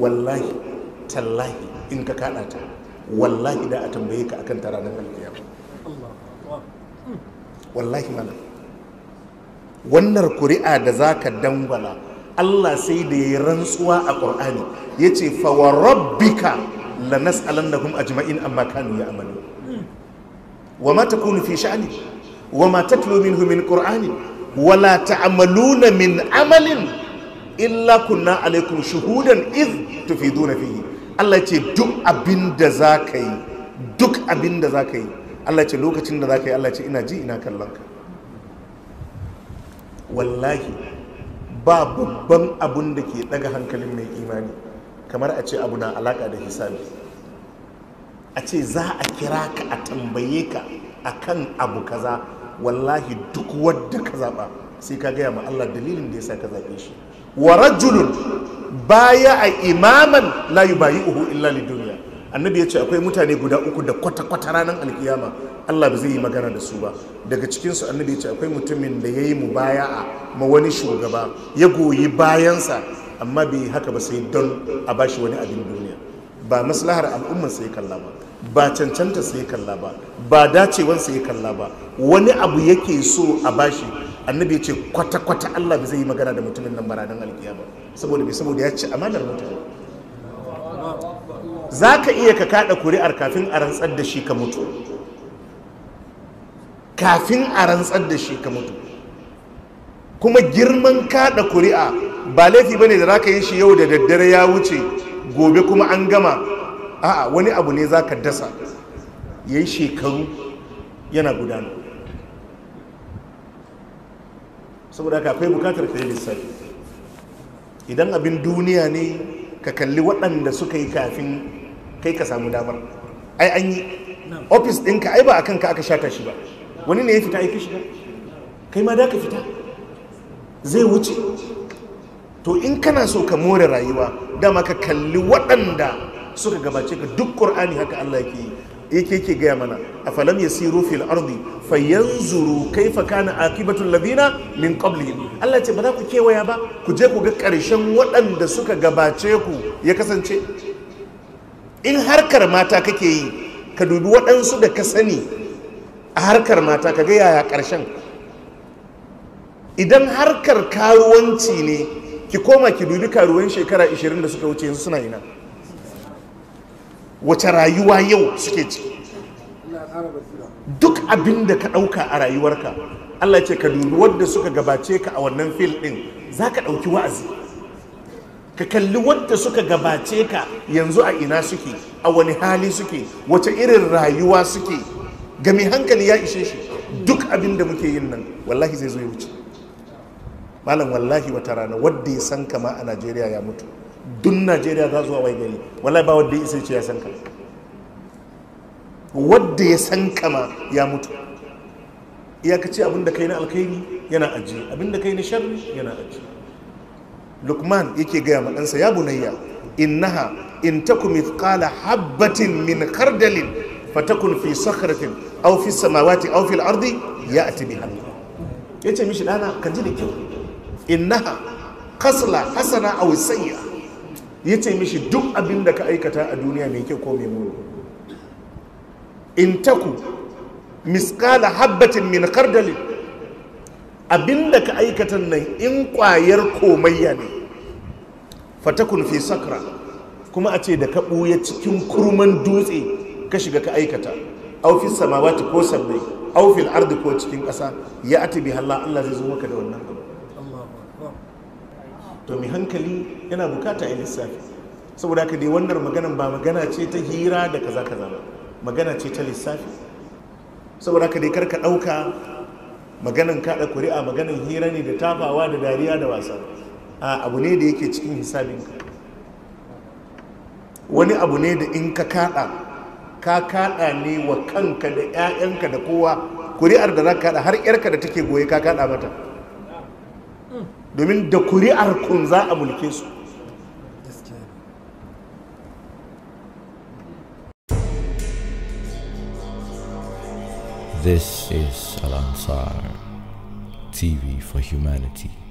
wallahi tallahi in ka kada ta wallahi da a tambaye ka akan tara nan alkiyama wallahi malam wannan kuri'a da za ka dangwala Allah sai da ya rantsuwa a Qur'ani yace fa wa rabbika lanas'alannahum ajma'in amma kanu ya'malu wa ma takunu fi sha'ani wa ma tatlu minhu min qur'ani wa la ta'maluna min amalin illa kunna alaikum shuhudan iz tufiduna fihi Allah ce duk abin da za ka yi duk abin da za ka yi Allah ce lokacin da za ka yi Allah ce ina ji ina kallon ka wallahi ba babban abun da ke daga hankalin mai imani kamar a ce abu na alaka da hisabi a ce za a kira ka a tambaye ka akan abu kaza wallahi duk wadda ka zaba sai ka gaya ma Allah dalilin da yasa ka zaɓe shi wa rajulun baya a imaman la yubayi'uhu illa duniya. annabi ya ce akwai mutane guda uku da kwata-kwata ranar alkiyama Allah ba zai yi magana da su ba daga cikinsu annabi ya ce akwai mutumin da ya yi mu a ma wani shugaba ya goyi bayansa amma bai haka ba sai don a bashi wani abin duniya ba maslahar al'ummar sai kalla ba ba cancanta sai kalla ba ba dacewan sai kalla ba wani abu yake so a bashi annabi ya ce kwata-kwata Allah bai zai yi magana da mutumin nan alkiya alkiyama saboda bai saboda ya ci amanar mutum za ka iya ka kaɗa kuri'ar kafin a rantsar da shi ka mutu kafin a rantsar da shi ka mutu kuma girman kaɗa kuri'a ba laifi bane da zaka yi shi yau da daddare ya wuce gobe kuma an gama a'a wani abu ne za ka dasa Ya yi shekaru yana gudana saboda haka akwai bukatar ka yi lissafi idan abin duniya ne ka kalli waɗanda suka yi kafin kai ka samu damar ai an yi ofis ɗinka ai ba a kanka aka shata shi ba wani ne ya fita aiki shiga kai ma da ka fita zai wuce to in kana so ka more rayuwa dama ka kalli waɗanda suka gabace ka duk ƙur'ani haka Allah yake yi yake yake gaya mana a ya siro fil ardi fayanzuru fa kana akibatul ladina min qablihim Allah ce ba za ku kewaya ba ku je ku ga karshen waɗanda suka gabace ku ya kasance in harkar mata kake yi ka dubi waɗansu da ka sani a harkar mata ka ga yaya karshen idan harkar karuwanci ne ki koma ki dubi karuwan shekara 20 da suka wuce yanzu suna ina wace rayuwa yau suke ciki duk abin da ka ɗauka a rayuwarka Allah ce ka dubi wadda suka gabace ka a wannan fil ɗin za ka ɗauki wa'azi ka kalli wadda suka gabace ka yanzu a ina suke a wani hali suke wace irin rayuwa suke Gami hankali ya ishe shi duk abin da muke yin nan wallahi zai zo ya wuce malam wallahi wata rana wadda ya san kama a najeriya ya mutu dun najeriya za zuwa wai gari wallahi ba wadda ya isa ce ya san kama wadda ya san kama ya mutu iyakaci abinda kai na alkhairi yana ajiye abinda kai na sharri yana ajiye lukman yake gaya ma ɗansa ya bunayya innaha in taku mithqala habbatin min khardalin fatakun fi sakhratin aw fi samawati aw fil ardi ya'ti biha yace mishi dana ka ji da kyau innaha kasla hasana aw sayyi'a ya ce mishi duk abin da ka aikata a duniya mai kyau ko mai muru in taku miskala habbatin min kardalin abin da ka aikata nan in kwayar komayya ne fatakun fi sakra kuma a ce da ka ɓuya cikin kurman dutse ka shiga ka aikata aufin samawati ko sabbin aufin ardi ko cikin ƙasa ya ati bi Allah Allah zai zo maka da wannan to mai hankali yana bukata ya lissafi saboda haka dai wannan maganan ba magana ce ta hira da kaza kaza ba magana ce ta lissafi saboda haka dai karka ɗauka maganan kaɗa kuri'a maganan hira ne da tafawa da dariya da wasa a abu ne da yake cikin hisabinka wani abu ne da in ka kaɗa ka kaɗa ne wa kanka da 'ya'yanka da kowa kuri'ar da za ka kaɗa har 'yarka da take goye ka kaɗa mata domin da kuri'ar kun za a mulke su This is Al Ansar TV for Humanity.